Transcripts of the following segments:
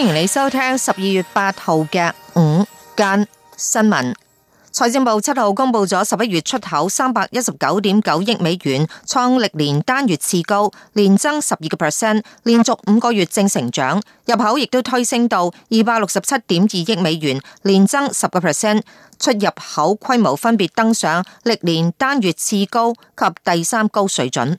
歡迎你收聽十二月八號嘅午間新聞。財政部七號公布咗十一月出口三百一十九點九億美元，創歷年單月次高，年增十二個 percent，連續五個月正成長。入口亦都推升到二百六十七點二億美元，年增十個 percent。出入口規模分別登上歷年單月次高及第三高水準。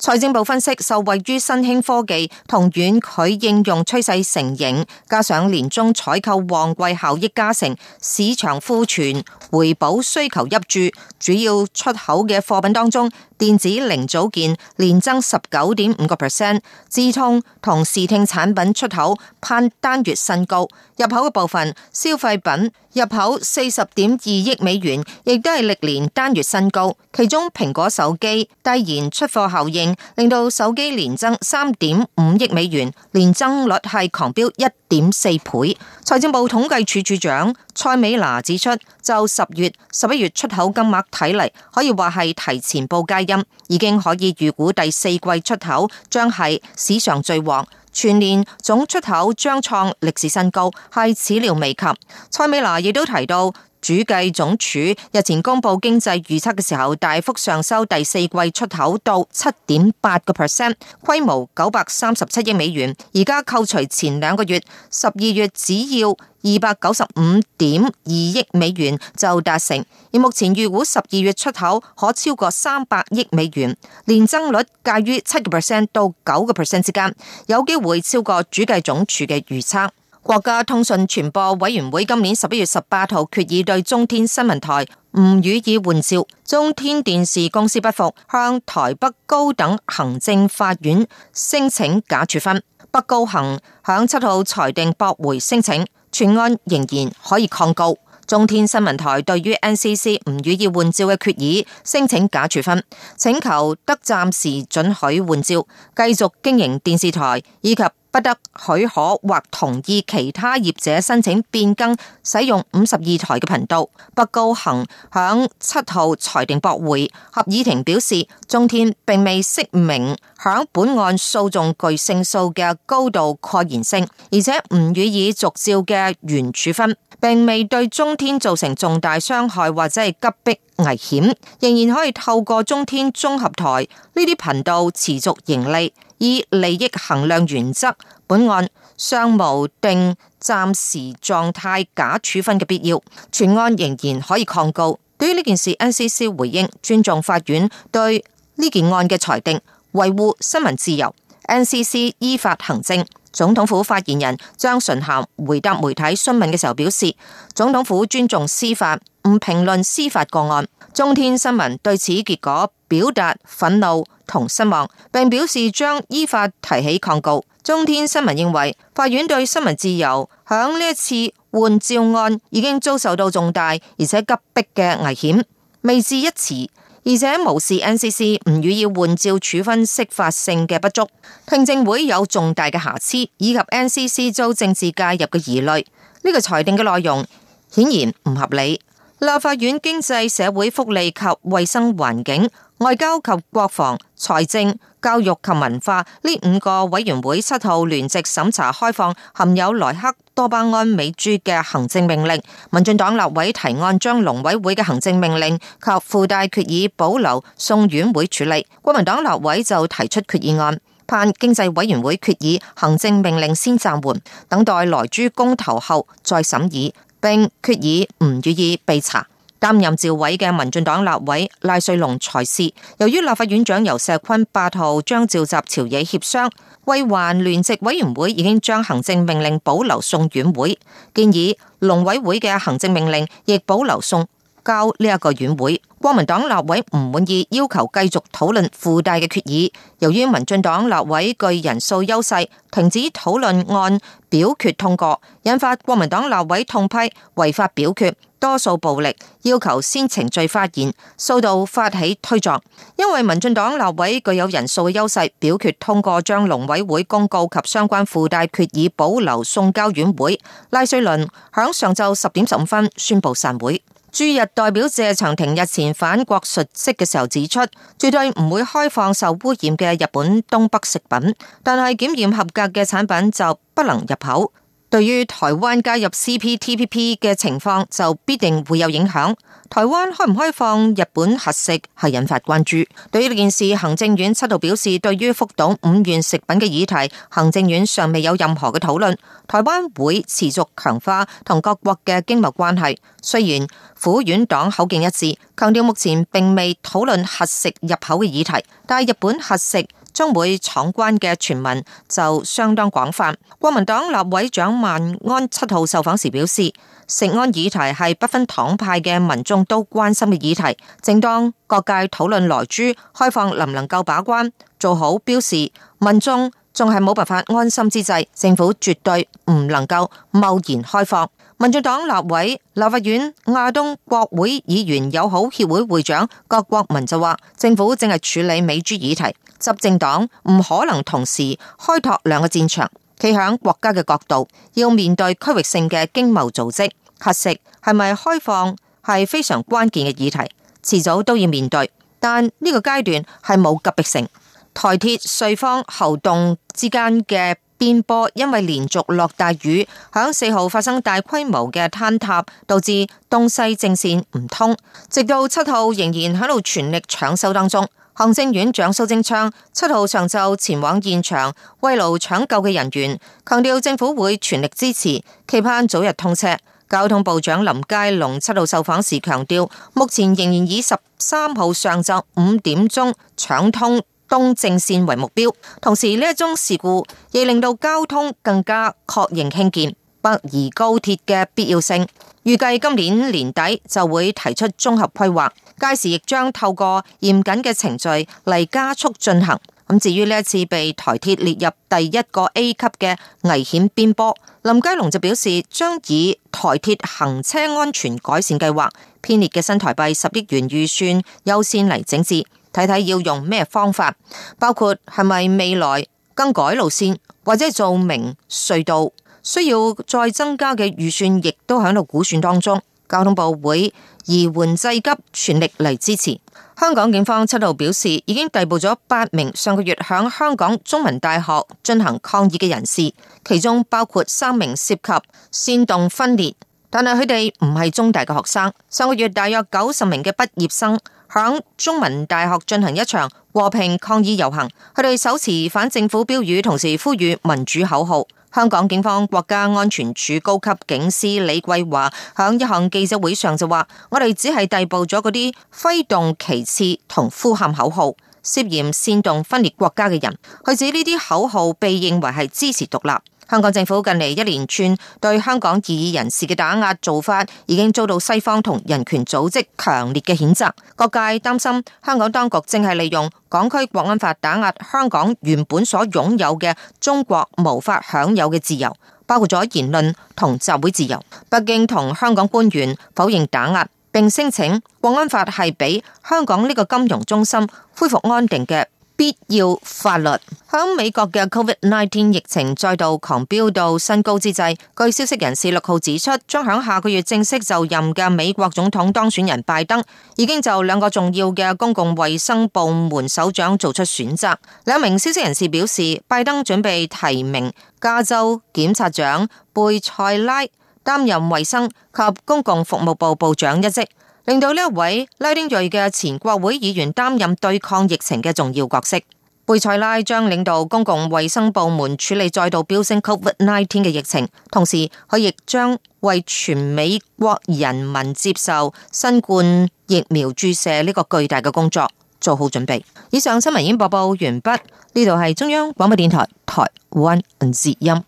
財政部分析，受惠於新興科技同遠距應用趨勢成形，加上年終採購旺季效益加成，市場庫存回補需求入住，主要出口嘅貨品當中，電子零組件年增十九點五個 percent，資通同視聽產品出口攀單月新高，入口嘅部分消費品入口四十點二億美元，亦都係歷年單月新高。其中蘋果手機遞延出貨效應，令到手機年增三點五億美元，年增率係狂飆一點四倍。財政部統計處處長蔡美娜指出，就十月、十一月出口金額睇嚟，可以話係提前報佳音，已經可以預估第四季出口將係史上最旺，全年總出口將創歷史新高，係始料未及。蔡美娜亦都提到，主計總署日前公布經濟預測嘅時候，大幅上收第四季出口到七點八個 percent，規模九百三十七億美元。而家扣除前兩個月，十二月只要二百九十五點二億美元就達成。而目前預估十二月出口可超過三百億美元，年增率介於七個 percent 到九個 percent 之間，有機會超過主計總署嘅預測。國家通訊傳播委員會今年十一月十八號決議對中天新聞台唔予以換照，中天電視公司不服，向台北高等行政法院申請假處分，北高行響七號裁定駁回申請，全案仍然可以抗告。中天新聞台對於 NCC 唔予以換照嘅決議申請假處分，請求得暫時准許換照，繼續經營電視台以及。不得許可或同意其他業者申請變更使用五十二台嘅頻道。北高行響七號裁定駁回，合議庭表示，中天並未釋明響本案訴訟具勝訴嘅高度蓋然性，而且唔予以續照嘅原處分，並未對中天造成重大傷害或者係急迫危險，仍然可以透過中天綜合台呢啲頻道持續盈利。以利益衡量原則，本案尚無定暫時狀態假處分嘅必要，全案仍然可以抗告。對於呢件事，NCC 回應尊重法院對呢件案嘅裁定，維護新聞自由。NCC 依法行政。總統府發言人張純涵回答媒體詢問嘅時候表示，總統府尊重司法。唔評論司法個案，中天新聞對此結果表達憤怒同失望，並表示將依法提起抗告。中天新聞認為，法院對新聞自由響呢一次換照案已經遭受到重大而且急迫嘅危險，未置一詞，而且無視 NCC 唔予以換照處分，釋法性嘅不足，聽證會有重大嘅瑕疵，以及 NCC 遭政治介入嘅疑慮。呢、這個裁定嘅內容顯然唔合理。立法院經濟、社會福利及衛生環境、外交及國防、財政、教育及文化呢五個委員會七號聯席審查開放含有萊克多巴胺美豬嘅行政命令，民進黨立委提案將農委會嘅行政命令及附帶決議保留送院會處理，國民黨立委就提出決議案，盼經濟委員會決議行政命令先暫緩，等待萊豬公投後再審議。並決議唔予以備查。擔任召委嘅民進黨立委賴瑞隆裁示，由於立法院長游錫堃八號將召集朝野協商，衛環聯席委員會已經將行政命令保留送院會，建議農委會嘅行政命令亦保留送交呢一個院會，國民黨立委唔滿意，要求繼續討論附帶嘅決議。由於民進黨立委具人數優勢，停止討論案表決通過，引發國民黨立委痛批違法表決，多數暴力要求先程序發言，數度發起推撞。因爲民進黨立委具有人數優勢，表決通過將農委會公告及相關附帶決議保留送交院會。賴瑞倫響上晝十點十五分宣布散會。駐日代表謝長廷日前返國述職嘅時候指出，絕對唔會開放受污染嘅日本東北食品，但係檢驗合格嘅產品就不能入口。對於台灣加入 CPTPP 嘅情況，就必定會有影響。台灣開唔開放日本核食係引發關注。對於呢件事，行政院七度表示，對於福島五縣食品嘅議題，行政院尚未有任何嘅討論。台灣會持續強化同各國嘅經貿關係。雖然府院黨口徑一致，強調目前並未討論核食入口嘅議題，但係日本核食。將會闖關嘅傳聞就相當廣泛。國民黨立委蔣萬安七號受訪時表示，食安議題係不分黨派嘅民眾都關心嘅議題。正當各界討論萊豬開放能唔能夠把關做好標示，民眾仲係冇辦法安心之際，政府絕對唔能夠貿然開放。民主黨立委、立法院亞東國會議員友好協會，會會長郭國文就話：，政府正係處理美豬議題，執政黨唔可能同時開拓兩個戰場。企響國家嘅角度，要面對區域性嘅經貿組織，核實係咪開放係非常關鍵嘅議題，遲早都要面對。但呢個階段係冇急迫性。台鐵、瑞方、猴洞之間嘅，邊坡因為連續落大雨，響四號發生大規模嘅坍塌，導致東西正線唔通。直到七號仍然喺度全力搶修當中。行政院長蘇貞昌七號上晝前往現場慰勞搶救嘅人員，強調政府會全力支持，期盼早日通車。交通部長林佳龍七號受訪時強調，目前仍然以十三號上晝五點鐘搶通東正線為目標，同時呢一宗事故亦令到交通更加確認興建北宜高鐵嘅必要性。預計今年年底就會提出綜合規劃，屆時亦將透過嚴謹嘅程序嚟加速進行。咁至於呢一次被台鐵列入第一個 A 級嘅危險邊坡，林佳龍就表示將以台鐵行車安全改善計劃編列嘅新台幣十億元預算優先嚟整治。睇睇要用咩方法，包括係咪未來更改路線或者做明隧道，需要再增加嘅預算，亦都喺度估算當中。交通部會移緩濟急全力嚟支持。香港警方七號表示，已經逮捕咗八名上個月響香港中文大學進行抗議嘅人士，其中包括三名涉及煽動分裂，但係佢哋唔係中大嘅學生。上個月大約九十名嘅畢業生。響中文大學進行一場和平抗議遊行，佢哋手持反政府標語，同時呼籲民主口號。香港警方國家安全處高級警司李桂華響一項記者會上就話：「我哋只係逮捕咗嗰啲揮動旗幟同呼喊口號，涉嫌煽動分裂國家嘅人。」佢指呢啲口號被認為係支持獨立。香港政府近嚟一連串對香港異議人士嘅打壓做法，已經遭到西方同人權組織強烈嘅譴責。各界擔心，香港當局正係利用港區國安法打壓香港原本所擁有嘅中國無法享有嘅自由，包括咗言論同集會自由。北京同香港官員否認打壓，並聲稱國安法係俾香港呢個金融中心恢復安定嘅。必要法律。響美國嘅 COVID-19 疫情再度狂飆到新高之際，據消息人士六號指出，將響下個月正式就任嘅美國總統當選人拜登，已經就兩個重要嘅公共衛生部門首長做出選擇。兩名消息人士表示，拜登準備提名加州檢察長貝塞拉擔任衛生及公共服務部部長一職。令到呢一位拉丁裔嘅前國會議員擔任對抗疫情嘅重要角色，貝塞拉將領導公共衛生部門處理再度飆升 COVID-19 嘅疫情，同時佢亦將為全美國人民接受新冠疫苗注射呢個巨大嘅工作做好準備。以上新聞已經播報完畢，呢度係中央廣播電台台灣之音。